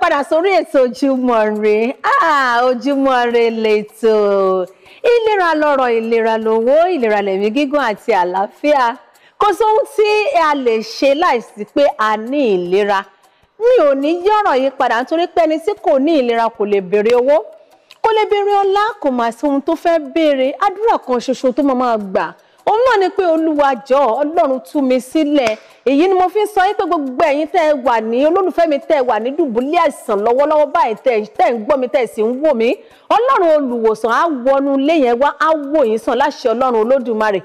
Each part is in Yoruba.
padà sórí ètò ojúmọ́ re ah, ojúmọ́ re lètò ìlera lọ́rọ̀ ìlera lówó ìlera lẹ̀mí gígùn àti àlàáfíà kò sóhun tí a lè ṣe láìsí pé a ní ìlera mi ò ní yọ̀rọ̀ yìí padà nítorí pé ẹni tí kò ní ìlera kò lè béèrè owó kò lè béèrè ọlá kò mà sí ohun tó fẹ́ béèrè àdúrà kan ṣoṣo tó máa gbà náà ni pé olúwa jọ ọlọ́run tú mi sílẹ̀ èyí ni mo fi ń sọ yín pé gbogbo ẹ̀yin tẹ́ ẹ wà ní olólùfẹ́ mi tẹ́ ẹ wà ní dùbúlẹ̀ àìsàn lọ́wọ́lọ́wọ́ báyìí tẹ́ ẹ ń gbọ́ mi tẹ́ ẹ sì ń wò mí ọlọ́run olùwòsàn á wọnú ilé yẹn wá á wò yín sàn láṣẹ ọlọ́run olódùmarè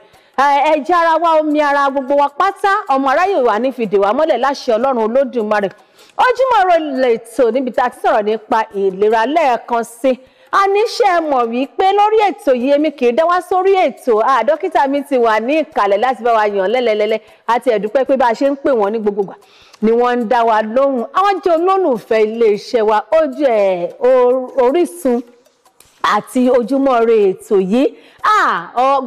ẹ̀jẹ̀ ara wa omi ara gbogbo wa pátá ọmọ aráyè wà ní fìdè wá mọ́lẹ̀ láṣẹ ọlọ́run olódùmarè ojúmọ́ ire lètò níbi tá a ti sọ̀rọ̀ nípa ìlera lẹ́ẹ̀kan sí i a níṣẹ́ mọ̀ wípé lórí ètò yìí èmi kì í dá wá sórí ètò à dókítà mi ti wà ní ìkàlẹ̀ láti bá wa yàn lẹ́lẹ́lẹ́lẹ́ àti ẹ̀dúpẹ́ pé bá a ṣe ń pè wọ́n ní gbogbo gbà ni wọ́n ń dá wa lóhùn àwọn jẹ́ olólùfẹ́ iléeṣẹ́ wa ó jẹ́ Orísun àti ojúmọ́ re ètò yìí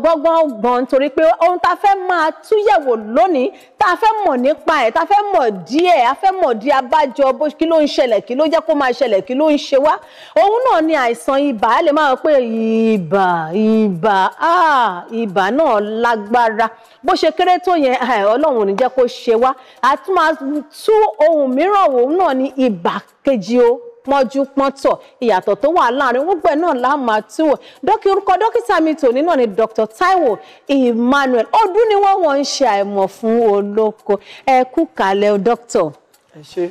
gbọ́gbọ́n gbọ́n torí pé ohun tá a fẹ́ máa túyẹ̀wò lónìí tá a fẹ́ mọ̀ nípa ẹ̀ tá a fẹ́ mọ̀ díẹ̀ a fẹ́ mọ̀ di abájọ bó kí ló ń ṣẹlẹ̀ kí ló jẹ́ kó máa ṣẹlẹ̀ kí ló ń ṣe wá òun náà ni àìsàn ibà ẹ lè máa pé ibà ibà ibà náà lágbára bó ṣe kéré tó yẹn ọlọ́run ò ní jẹ́ kó ṣe wá a tú ohun mìíràn òun náà ni ibà kejì o pọ́njú pọ́ntọ̀ ìyàtọ̀ tó wà láàrin gbogbo ẹ̀ náà la máa tú wò dókì orúkọ dókítà mi tòní náà ni Dr. Taiwo Emmanuel ọdún ni wọ́n wọ́n ń ṣe àìmọ̀ fún olóko ẹ kú kàlẹ̀ o dókítà. ẹ ṣe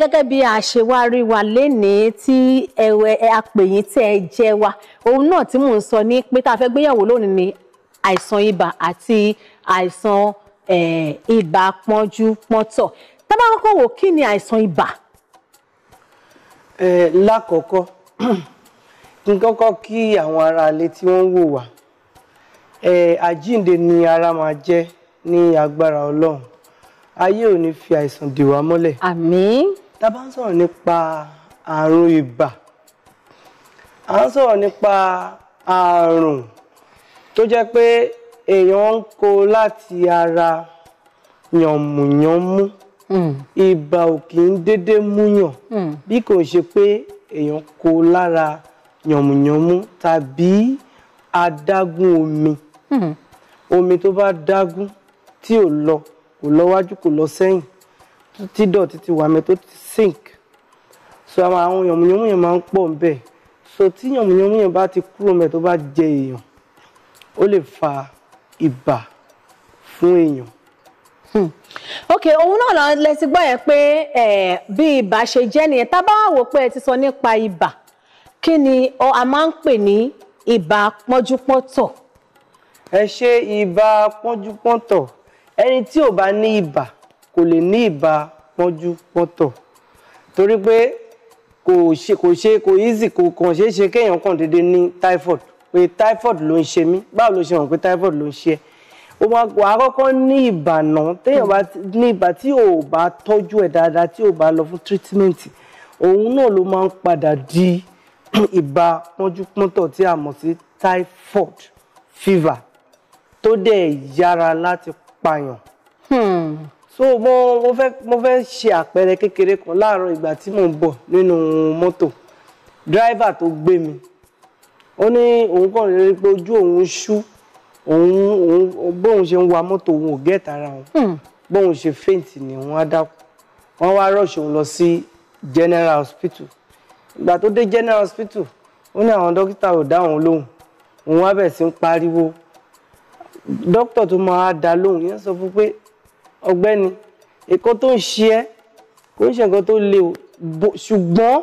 gẹ́gẹ́ bí a ṣe wá wa lénìí tí ẹ̀wẹ̀ apèyìn tẹ́ ẹ jẹ́ wa òun náà tí mò ń sọ ní pé tá a fẹ́ gbéyàwó lónìí ni àìsàn ibà àti àìsàn ibà pọ́njú pọ́ntọ̀ tá bá kọ́kọ́ wò kí ni àìsàn ibà. ẹ lákọ̀ọ́kọ́ kí n kọ́kọ́ kí àwọn ará ilé tí wọ́n wò wá ẹ àjíǹde ni ara máa jẹ́ ní agbára ọlọ́run ayé ò ní fi àìsàn dè wá mọ́lẹ̀. àmín. tá bá ń sọ̀rọ̀ nípa àrùn ibà à ń sọ̀rọ̀ nípa àrùn tó jẹ́ pé èèyàn ń kó láti ara yànmùyánmú ibà hmm. ò kì í dédé múyàn hmm. bí kò ṣe pé èèyàn kó lára yànmùyànmú tàbí adágún omi hmm. omi tó bá dágún tí ò lọ kò lọ kò lọ sẹ́yìn tí dọ̀tí ti wà mẹ́ tó ti sink so àwọn yànmùyànmú yẹn máa ń pọ̀ ńbẹ̀ so tí yànmùyànmú yẹn bá ti kúrò mẹ́ tó bá jẹ èèyàn ó lè fa ibà fún èèyàn ok òun náà lẹ ti gbọ́ yẹn pé bí ibà ṣe jẹ́ nìyẹn tá a bá wò pé ẹ ti sọ nípa ibà kí ni a máa ń pè ní ibà pọ́njúpọ́ntọ̀. ẹ ṣe ibà pọ́njúpọ́ntọ̀ ẹni tí ò bá ní ibà kò lè ní ibà pọ́njúpọ́ntọ̀ torí pé kò ṣe kò ṣe kò easy kò kàn ṣeé ṣe kéèyàn kàn déédéé ní typhoid pé typhoid ló ń ṣe mí báwo ló ṣe hàn pé typhoid ló ń ṣe ẹ́ ó máa wà á kọ́kọ́ ní ìbànú téèyàn bá ní ìbà tí ò bá tọ́jú ẹ̀ dáadáa tí ò bá lọ fún treatment òun náà ló máa ń padà di ìbà pọ́njúpọ́ntọ̀ tí a mọ̀ sí typhoid fever tó dẹ̀ yára láti pààyàn. Hmm. so mo mo fẹ́ mo fẹ́ ṣe àpẹẹrẹ kékeré kan láàárọ̀ ìgbà tí mò ń bọ̀ nínú mọ́tò dráìvà tó gbé mi ó ní òun kàn rí pé ojú òun ṣú òun òun bóun ṣe ń wa mọ́tò òun ò gẹ́ẹ̀tì ara òun hmm. bóun ṣe faint ni òun á dákú wọ́n wá rush òun lọ sí general hospital ìgbà tó dé general hospital ó ní àwọn dókítà ò dá òun lóhùn òun wá bẹ̀rẹ̀ sí ń pariwo dókítà tó máa dá lóhùn yẹn sọ fún pé ọ̀gbẹ́ni èkó tó ń ṣe ẹ́ kò ń ṣe nǹkan tó le o ṣùgbọ́n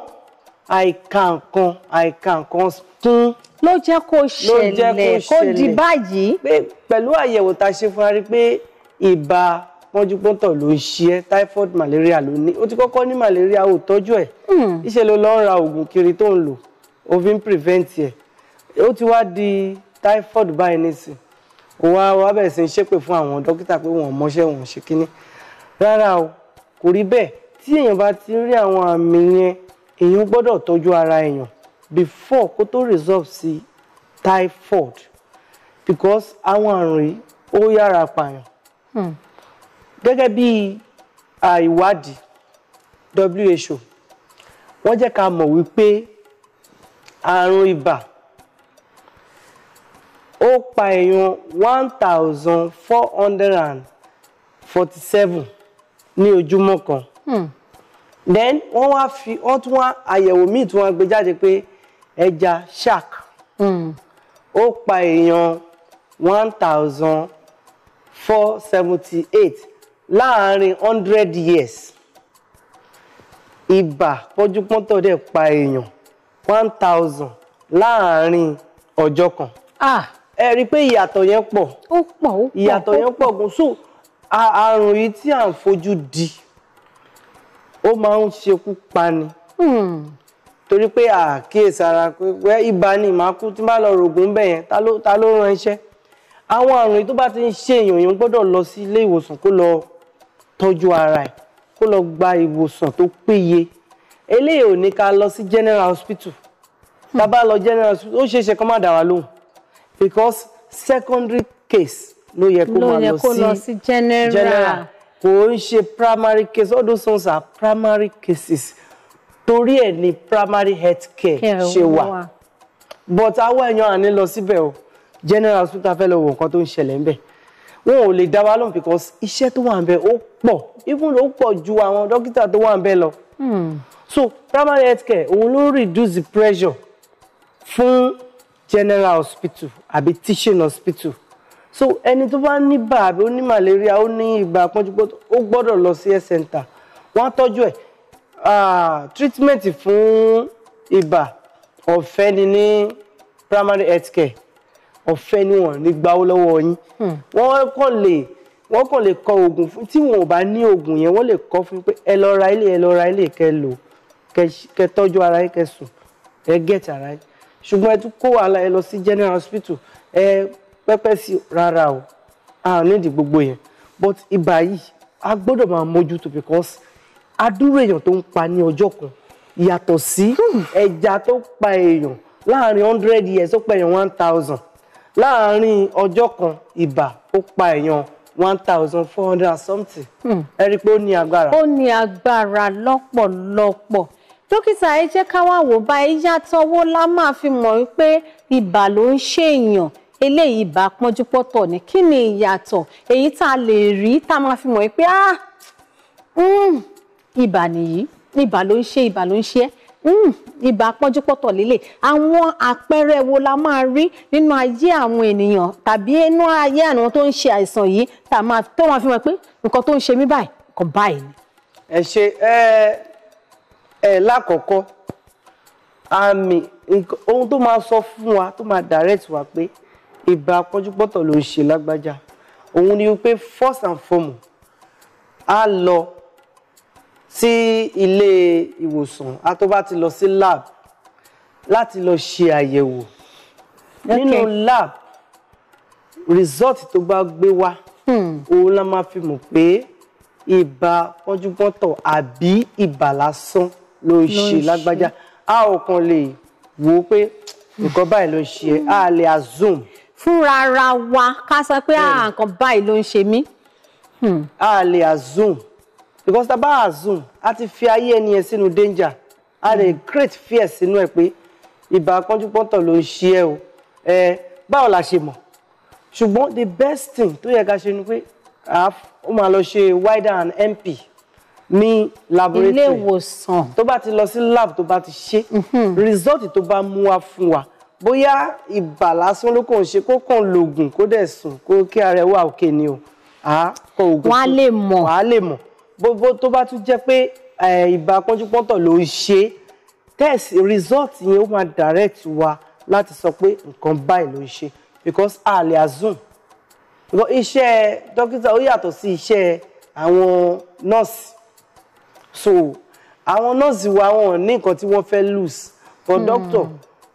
àìka nǹkan àìka nǹkan kún ló jẹ́ kó ṣẹlẹ̀ kó di báyìí. pé pẹ̀lú àyẹ̀wò tá a ṣe fún wa pé ibà pọ́njúpọ́ntọ̀ ló ń ṣe ẹ́ typhoid malaria ló ní ó ti kọ́kọ́ ní malaria ò tọ́jú ẹ̀ hmm. iṣẹ́ ló lọ ń ra oògùn kiri tó ń lò ó fi ń prevent ẹ̀ ó ti wá di typhoid báyìí nísìn òun àwọn abẹ́rẹ́ sì ń ṣépè fún àwọn dókítà pé wọ́n mọṣẹ́ wọn ṣe kínní rárá o kò rí bẹ́ẹ̀ tí èèyàn bá ti rí àwọn àmì yẹn èèyàn gbọ́dọ̀ tọ́jú ara èèyàn before kó tó resolve sí typhoid because àwọn àrùn yìí ó yára pààyàn hmm. gẹ́gẹ́ bí àìwádìí WHO wọ́n jẹ́ ká mọ̀ wípé àrùn ibà ó pa èèyàn one thousand four hundred and forty seven ní ojúmọ́ kan hmm. then wọ́n wá fi wọ́n tún wá àyẹ̀wò míì tún wá gbé jáde pé. Hmm ẹja shark hmm. ó pa èèyàn one thousand four seventy eight láàárín hundred years ibà pọ́njúpọ́ntọ̀ dẹ̀ pa èèyàn one thousand láàárín ọjọ́ kan. ah ẹ rí i pé ìyàtọ̀ yẹn pọ̀ ó pọ̀ ó pọ̀ ìyàtọ̀ yẹn pọ̀ gan so àrùn yìí tí à ń fojú di ó máa ń ṣekú pani. Hmm torí pé àkíyèsí ara pé ibà ni màá kú tí n bá lọ rògùn bẹ́ẹ̀ yẹn ta ló rán iṣẹ́ àwọn àrùn yìí tó bá ti ń ṣe èèyàn yìí gbọ́dọ̀ lọ sí ilé ìwòsàn kó lọ tọ́jú ara ẹ̀ kó lọ gba ìwòsàn tó péye eléyìí ò ní ká lọ sí general hospital tá a bá lọ general hospital ó é ṣe kó má dá wa lóhùn because secondary case ló yẹ kó máa lọ sí general kò ń ṣe primary case all those ones are primary cases torí ẹ̀ ní primary health care ṣe wà but àwọn èèyàn àní lọ síbẹ̀ o general hospital fẹ́ lọ wo nǹkan tó ń ṣẹlẹ̀ ńbẹ̀ wọn ò lè dá wa lóhùn because iṣẹ́ tó wà ńbẹ̀ ó pọ̀ even ó pọ̀ ju àwọn dókítà tó wà ńbẹ̀ lọ hmm. so primary health care òun ló reduce the pressure fún general hospital àbí teaching hospital so ẹni tó bá ní ibà àbí ó ní malaria ó ní ibà pọ́njúpọ́ ó gbọ́dọ̀ lọ sí health center wọ́n á tọ́jú ẹ̀ treatment fún ibà ọ̀fẹ́ ni ní primary health care ọ̀fẹ́ ni wọ́n ní gbawó lọ́wọ́ yín hmm. wọ́n kàn lè wọ́n kàn lè kọ oògùn fún tí wọn ò bá ní oògùn yẹn wọ́n lè kọ fún pé ẹ lọ ra ilé ẹ lọ ra ilé kẹ lò kẹ tọ́jú ara yín kẹ sùn ẹ gẹ̀ẹ́tì ara yín ṣùgbọ́n ẹ tún kó wàhálà ẹ lọ sí general hospital ẹ pẹ́pẹ́ sí rárá o a nídìí gbogbo yẹn but ibà yìí a gbọ́dọ̀ máa mójútó because adúrò èèyàn tó ń pa ní ọjọ́ kan yàtọ̀ sí ẹja tó pa èèyàn láàrin hundred years ó pa èèyàn one thousand láàrin ọjọ́ kan ibà ó pa èèyàn one thousand four hundred and something hmm. ẹ rí i pé ó ní agbára. ó ní agbára lọ́pọ̀lọpọ̀ dókítà ẹ jẹ́ ká wá wò bá ìyàtọ̀ wo la máa fi mọ̀ wípé ibà ló ń ṣèèyàn eléyìí ibà pọ́njúpọ́tọ̀ ni kí ni ìyàtọ̀ èyí tá a lè rí tá a máa fi mọ̀ wípé ah. Mm ibà nìyí ibà ló ń ṣe ibà ló ń ṣe ẹ́ hmm, ibà pọ́njúpọ́tọ̀ líle àwọn àpẹẹrẹ wo la máa rí nínú ayé àwọn ènìyàn tàbí inú ayé àwọn tó ń ṣe àìsàn yìí tá máa tó máa fi mọ̀ pé nǹkan tó ń ṣe mí báyìí nǹkan báyìí ni. ẹ ṣe ẹ ẹ lákọ̀ọ́kọ́ àmì ohun tó máa sọ fún wa tó máa direct wa pé ibà pọ́njúpọ́tọ̀ ló ń ṣe lágbájá òun ni wípé first and foremost a lọ sí ilé ìwòsàn a tó bá ti lọ sí lab láti lọ ṣe àyẹ̀wò nínú lab result tó bá gbé wá hmm. òun la máa fi mọ̀ pé ibà pọ́njúpọ́ntọ̀ àbí ibà lásán ló ń ṣe lágbájá a ò kàn lè wò ó pé nǹkan báyìí ló ń ṣe a lè assume. fúnra wa ká sọ pé ah, nǹkan báyìí ló ń ṣe mí. Hmm. a lè assume because tá a bá assume a ti fi ayé ẹni yẹn sínú danger a lè create fear sínú ẹ pé ìbà kánjúpọ́ntọ̀ ló ń ṣe ẹ o ẹ báwo la ṣe mọ̀ ṣùgbọ́n the best thing tó yẹ ká ṣe ni pé ó máa lọ ṣe wider and mp ní laboratory ilé ìwòsàn tó bá ti lọ sí lab tó bá ti ṣe mhm. result tó bá mú wá fún wa bóyá ìbà lásán ló kàn ṣe kó kàn lògùn kó dẹ̀ sùn kó kí ara ẹ wà òkè ni o àá kọ ògùn fún wa á lè mọ̀ gbogbo tó bá tún jẹ́ pé eh, ìbá pọ́njúpọ́ntọ̀ ló ń ṣe test result yẹn ó máa direct wa láti sọ pé nǹkan báyìí ló ń ṣe because a lè assume because iṣẹ́ dókítà ó yàtọ̀ sí iṣẹ́ àwọn nọ́ọ̀sì so àwọn nọ́ọ̀sì wa wọn ní nǹkan tí wọ́n fẹ́ lose for mm. doctor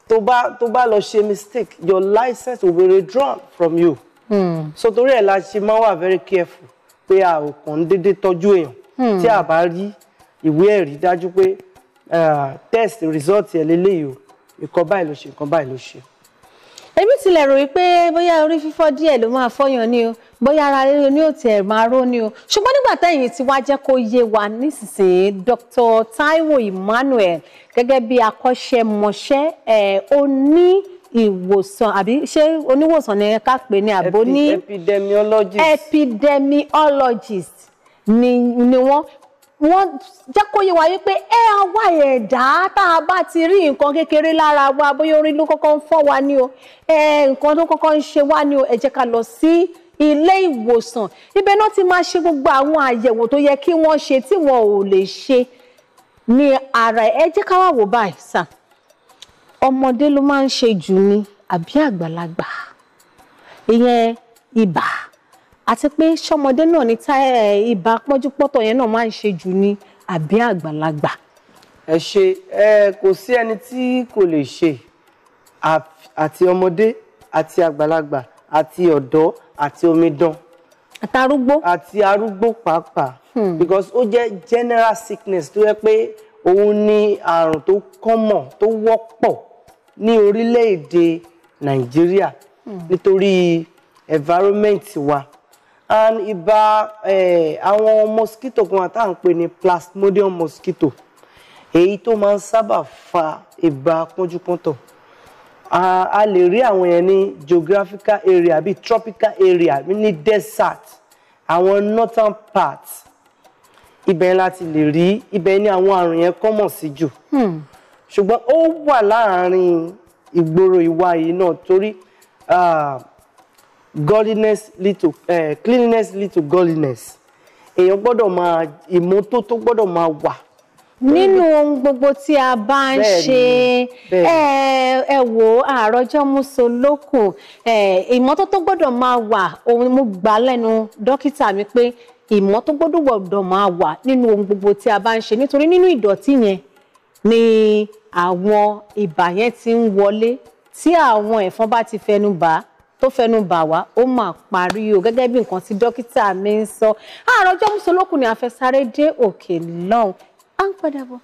tó bá tó bá lọ ṣe mistake your license will be withdrawn from you hmm. so torí ẹ̀ la ṣe máa wà very careful pé a ò kàn ń dédé tọ́jú èèyàn hmm. tí a bá rí ìwé ẹ̀rí dájú pé test result ẹ̀ lélẹ́yìí o nǹkan báyìí ló ṣe nǹkan báyìí ló ṣe. èmi tilẹ̀ rò wípé bóyá orí fífọ́ díẹ̀ ló máa fọ́yàn ni o bóyá ara ríro ni ò tiẹ̀ máa ró ni o ṣùgbọ́n nígbà tẹ́yìn tí wá jẹ́ kó yé wa nísinsìnyí Dr. Taiwo Emmanuel gẹ́gẹ́ bí akọ́ṣẹ́mọṣẹ́ ẹ̀ oní ìwòsàn àbí ṣé oníwòsàn ni ká pè ní àbò ní epidemiologist epidemiologist ni ni wọ́n wọ́n jẹ́ kó yé wa pé ẹ wá ẹ̀dá tá a bá ti rí nǹkan kékeré lára wa bóyá orí ló kọ́kọ́ ń fọ́ wa ni o nǹkan tó kọ́kọ́ ń ṣe wa ni o ẹ jẹ́ ká lọ sí ilé ìwòsàn ibẹ̀ náà ti máa ṣe gbogbo àwọn àyẹ̀wò tó yẹ kí wọ́n ṣe tí wọn ò lè ṣe ní ara ẹ jẹ́ ká wá wò báyìí sáà ọmọdé ló máa ń ṣe jù ni àbí àgbàlagbà ìyẹn ibà àti pé ṣọmọdé náà ní tá ibà pọ́njúpọ́ntọ̀ yẹn náà máa ń ṣe jù ni àbí àgbàlagbà. ẹ ṣe ẹ kò sí ẹni tí kò lè ṣe àti ọmọdé àti àgbàlagbà àti ọ̀dọ́ àti omidan. àti arúgbó. àti arúgbó pàápàá. Hmm. because ó jẹ́ general sickness tó yẹ pé òun ni àrùn tó kọ́mọ̀ tó wọ́pọ̀ ní orílẹ̀-èdè nàìjíríà hmm. nítorí environment wa and ibà àwọn mosquito kan tá à ń pè ní plasmodium mosquito èyí tó máa ń sábà fa ibà pọ́njúpọ́ntọ̀ a lè rí àwọn yẹn ní geographical area bíi tropical area ní desert àwọn northern parts ibẹ̀ láti lè rí ibẹ̀ ni àwọn àrùn yẹn kọ́mọ̀ sí jù. Hmm ṣùgbọ́n ó wà láàárín ìgboro ìwà yìí náà torí godliness lead to uh, cleanliness little to godliness èèyàn gbọ́dọ̀ máa ìmọ́tótó gbọ́dọ̀ máa wà nínú ohun gbogbo tí a bá ń ṣe ẹ wò àròjọ muso lókun ìmọ́tótó gbọ́dọ̀ máa wà ohun mo gbà lẹ́nu dókítà mi pé ìmọ́tótó gbọ́dọ̀ gbọ́dọ̀ máa wà nínú ohun gbogbo tí a bá ń ṣe nítorí nínú ìdọ̀tí yẹn ni àwọn ibà yẹn ti ń wọlé tí àwọn ẹ̀fọn bá ti fẹnu bà á tó fẹnu bà wá ó mà parí o gẹ́gẹ́ bí nǹkan tí dókítà mi ń sọ àròjọ mùsùlùmí lókun ni a fẹ́ sáré dé òkè lọ́hùn à ń padà bọ̀.